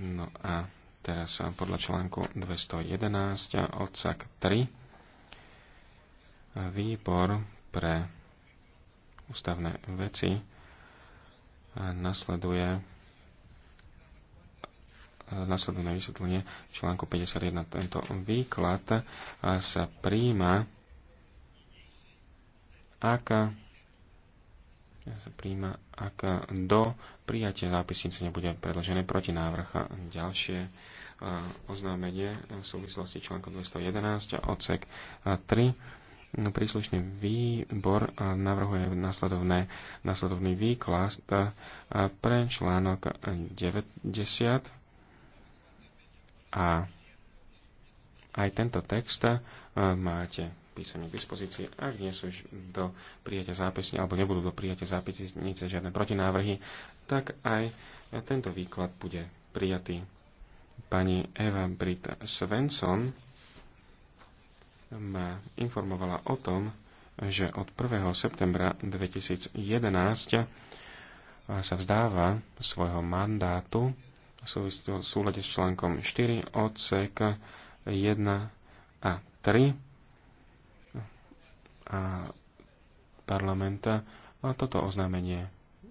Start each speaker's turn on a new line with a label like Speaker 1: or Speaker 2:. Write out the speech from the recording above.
Speaker 1: No a teraz eh, podľa článku 211 odsak 3 výbor pre ústavné veci eh, nasleduje eh, nasledovné vysvetlenie článku 51. Tento výklad sa príjma, ak sa príjma, ak do prijatia zápisnice nebude predložené proti A ďalšie e, oznámenie v súvislosti článkom 211 odsek 3. Príslušný výbor e, navrhuje nasledovné, nasledovný výklad e, pre článok 90 a aj tento text máte písomne k dispozícii. Ak nie sú do prijatia zápisní, alebo nebudú do prijatia zápisnice žiadne protinávrhy, tak aj tento výklad bude prijatý. Pani Eva Brit Svensson ma informovala o tom, že od 1. septembra 2011 sa vzdáva svojho mandátu v súlade s článkom 4 odsek 1 a 3 a parlamenta a toto oznámenie